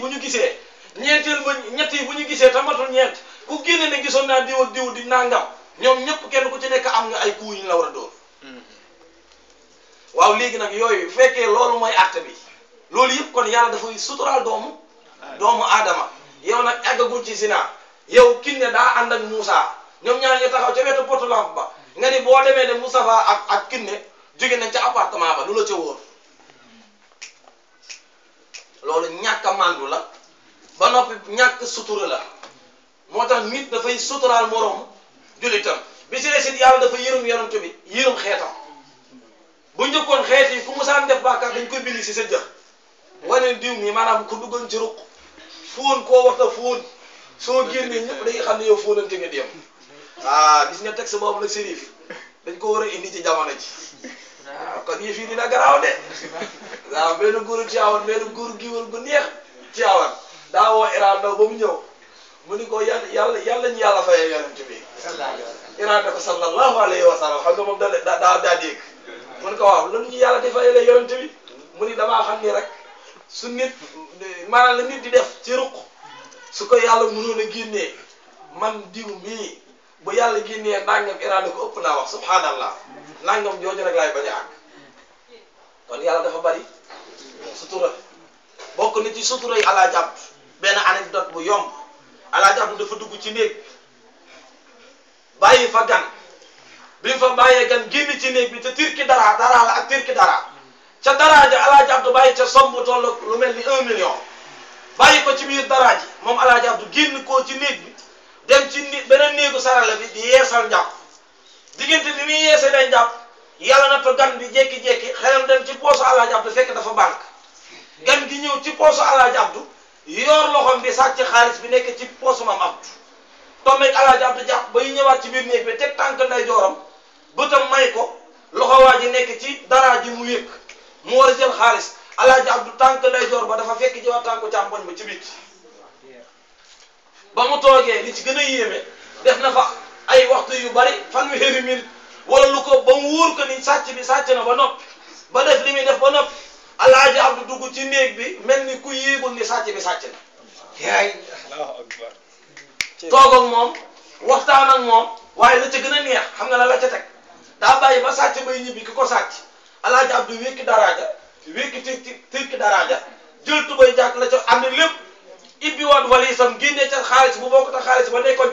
bu ñu gisee ñeenteel ba ñett yi bu ñu gisee diu ku gisoon di nangam nyom ñëpp kenn ku ci nekk am nga ay kuuy wau la war a dóor mm-hmm. waaw léegi nag yooyu fekkee loolu mooy acte bi loolu yëpp kon yàlla dafay suturaal doomu doomu aadama yow nag eggagul ci zina yow kin ne daa ànd ak Moussa ñoom ñaar ñu taxaw ca ba nga ni de Moustapha ak ak kinne jóge nañ ca appartement ba lu la ca ñàkk sutura la moo tax nit dafay suturaal moroom jullitam bi si des it yàlla dafa yërëm yonent bi yërëm xeetam bu njëkkoon xeet yi fu musaan def bàkkaar dañ koy bind si sa jëx wane diw mi maanaam ku duggoon ci ruq fóon koo waxta fóon soo génnee ñëpp dañuy xam ne yow fóonante nga dem ah gis nga texte boobu nag sérif dañ ko war a indi ci jamono ji waaw kon yëf yi dina garaaw de waaw benn góor ci awoon benn gi giwal gu neex ci awoon daawoo Iran daw ba mu ñëw mu ni ko yàlla yàlla yàlla ñu yàlla fayee yonent bi. Iran ne ko sallallahu alayhi wa sallam xam nga moom da daa daa dégg. mu ne ko waaw lan ñu yàlla di fayee yonent bi mu ni xam ni rek su nit maanaam la nit di def ci ruq su ko yàlla mënoon a génnee man diw mii bu yàlla génnee nangam Iran ne ko ëpp naa wax nangam jooju rek lay bañ a àgg kon yàlla dafa bari sutura bokk na ci sutura yi ala jàpp. benn anecdote bu yomb alaaji Abdu dafa dugg ci néeg bàyyi fa gan bi fa bàyyee gan génn ci néeg bi te turki dara dara la ak turki dara ca dara ja alaaji Abdu bàyyi ca somb bu toll lu mel ni un million bàyyi ko ci biir dara ji moom alaaji Abdu génn koo ci néeg bi dem ci ni beneen néegu sarala bi di yeesal njàpp diggante li muy yeesalee njàpp yàlla na fa gan bi jékki-jékki xelam dem ci poosu alaaji Abdu fekk dafa banque gan gi ñëw ci poosu alaaji Abdu yor loxoom bi sàcc xaalis bi nekk ci poosam am abdu tombeeg alaaji abdu jàpp bay ñëwaat ci biir néeg bi teg tànk nday jooram bëtam may ko loxo waa ji nekk ci dara ji mu yëkk mu war a jël xaalis alaaji abdu tànk nday joor ba dafa fekk jiwaat tànku càmboñ ba ci biit ba mu toogee li ci gën a yéeme def na fa ay waxtu yu bari fanweeri mil wala lu ko ba mu wóor ko ni sàcc bi sàcc na ba nopp ba def li muy def ba noppi alaaji Abdu dugg ci néeg bi mel ni ku yéegul ni sàcc bi sàcc na yaay toog moom moom waxtaan ak moom waaye la ca gën a neex xam nga la la ca teg daa bàyyi ba sàcc bay ñibbi ki ko sàcc alaaji Abdu wékki daraaja wékki tëkki tëkki daraaja jël tubay jàkk la ca ànd lépp ibbi waat walisam génne ca xaalis bu bokk ta xaalis ba nekkoon